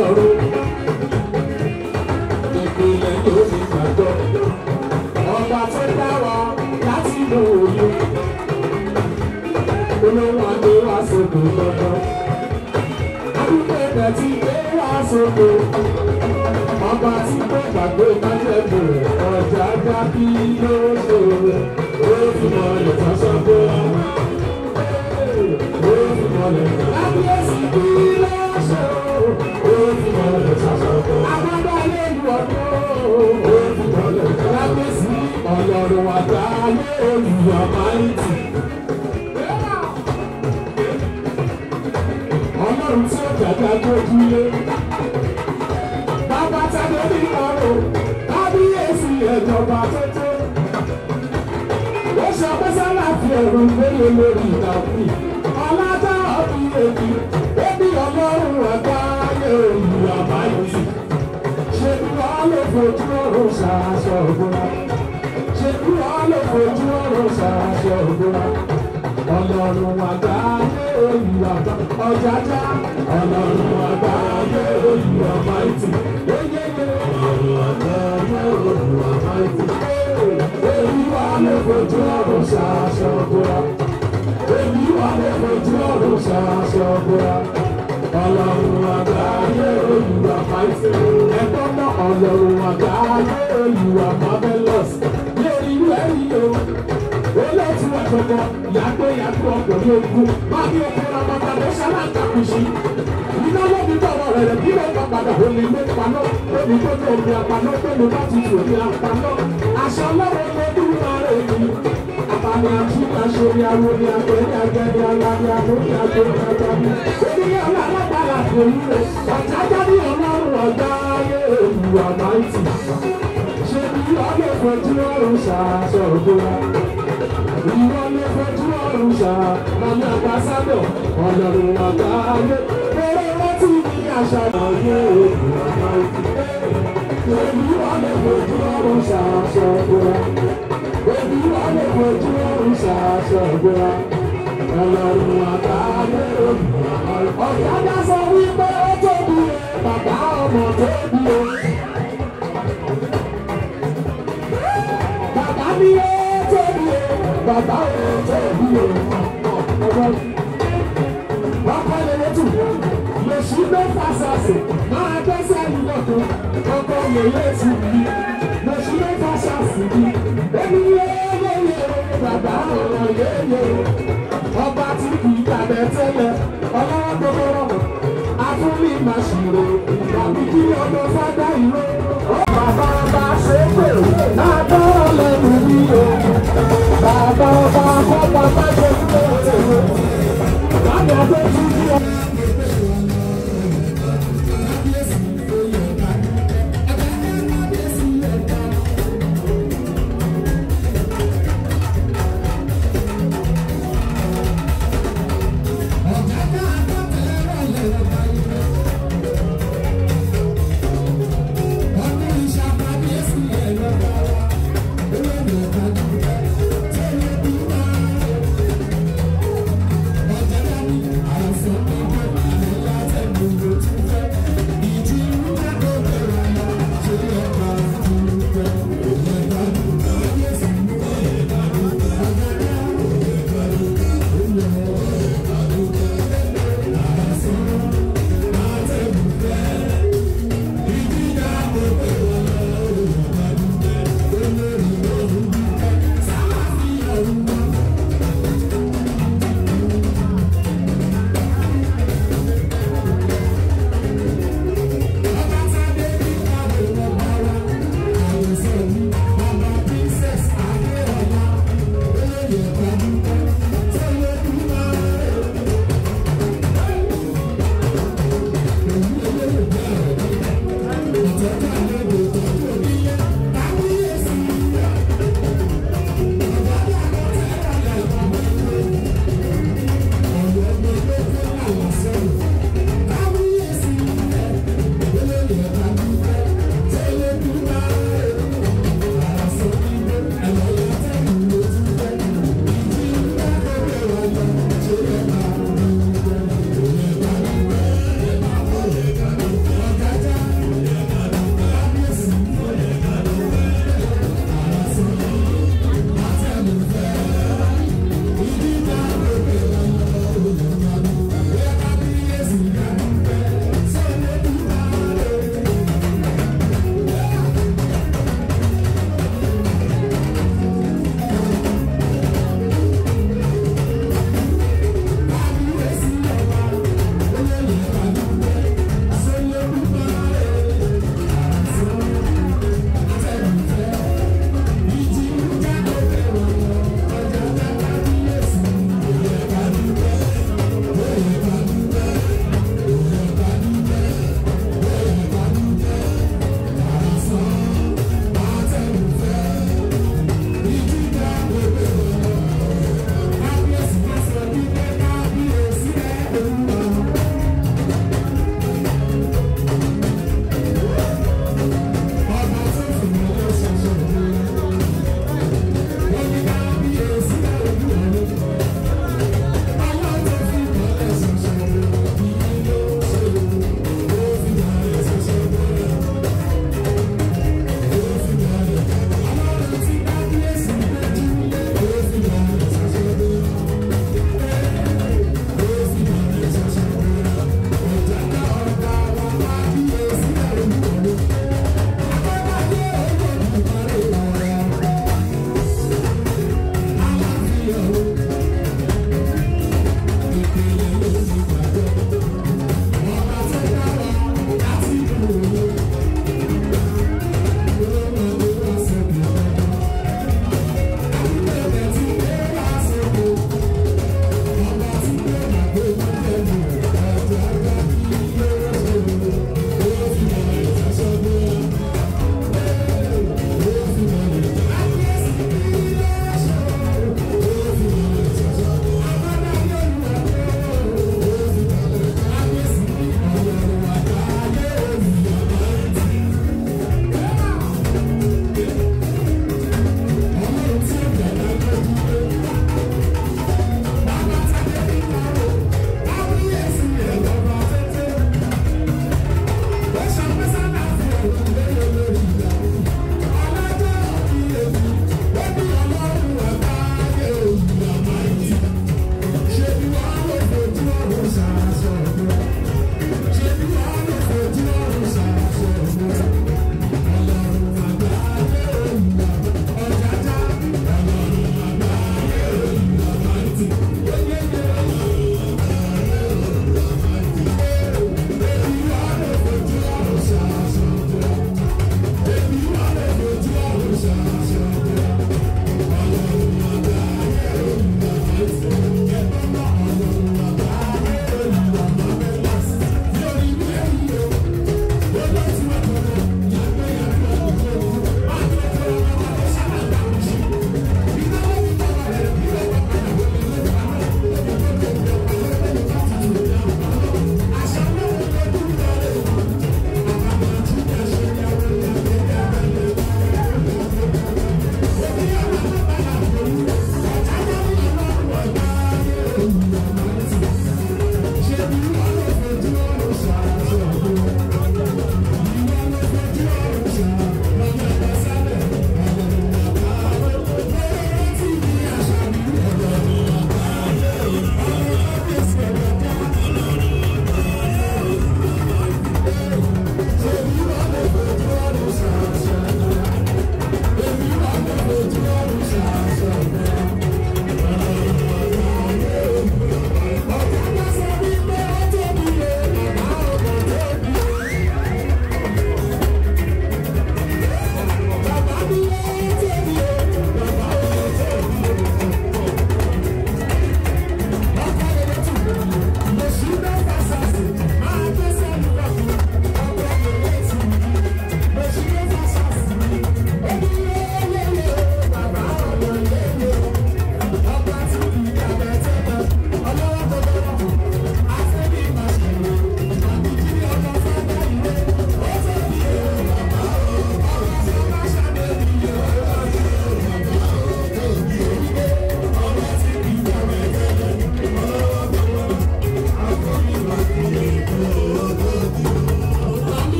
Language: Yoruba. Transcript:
ọ̀run. Ìpìlẹ̀ yóò ti gbàgbọ́. Ọba tó dá wa láti mú òye. Olówó adé wá sódò lọ́dọ̀. Adúgbò ẹ̀dẹ̀ ti dé wá sódò. ọjà dábí lóṣòro. Ó ti mọ̀ ọ́ ọlọ́run gbélé lórí ìtàkùn ọlọ́tà ọ̀bí èdè ebi ọlọ́run àgbáyé òyìnbó àbáyọ̀sí ṣe bí wàá lè fojú ọ̀run ṣàṣọ ògbóná ṣe bí wàá lè fojú ọ̀run ṣàṣọ ògbóná ọlọ́run àgbáyé òyìnbó àbáyọ̀sí ọjàjà ọlọ́run àgbáyé òyìnbó àbáyọ̀sí. lè fojú ọ̀run ṣàṣọ búra. Èmi wà lè fojú ọ̀run ṣàṣọ búra. Ọlọ́run àgbáyé olùwà máìsì. Ẹ̀gbọ́n náà ọlọ́run àgbáyé olùwà marvelous. Lórí lórí o. Olóòtú ẹ̀fọ̀mọ́ yàgbé yàgbé ọkùnrin ogun. Máa ní okun ramata ló ṣáná àtàkùnṣí. Iná ló fi tọrọ rẹ̀ rẹ̀ bí ló bá padà olè ló paná. Omi tó ní omi àpaná, pé mo bá ti tù omi àpaná. Àṣà ọlọ́run Àyàtúntà You awo ni àgbẹ̀dẹ àgbẹ̀dẹ alábi àtúntà sórí ọjọ́ mi. Síbi ọ̀la alágbára kò ní o, ọ̀tá jáde ọlọ́run ọ̀gá ayé òwú àmáìtì. Ṣé bí ọlẹ́ fojú ọ̀run ṣàṣọ ògbóra? Ìwọ lè fojú ọ̀run ṣà, màmí àgbà sábọ̀, ọlọ́run ọ̀gá ayé. Eré rántí ni àṣà ayé òwú àmáìtì. Ṣé bí ọlẹ́ fojú ọ̀run ṣàṣọ ògbóra? ojú ń ṣàṣọ̀gbọ́n ọlọ́run àbáyọ̀ ọ̀gádá sọ wípé ó tóbi bàbá ọmọ tóbi o. bàbá mi ó tóbi bàbá ọmọ tóbi o. ọkọ lèrè tù lòsì ló fà sàṣì máa gbẹ́sẹ̀ lọ́kọ̀ ọkọ lèrè tù mí. I'm Thank you.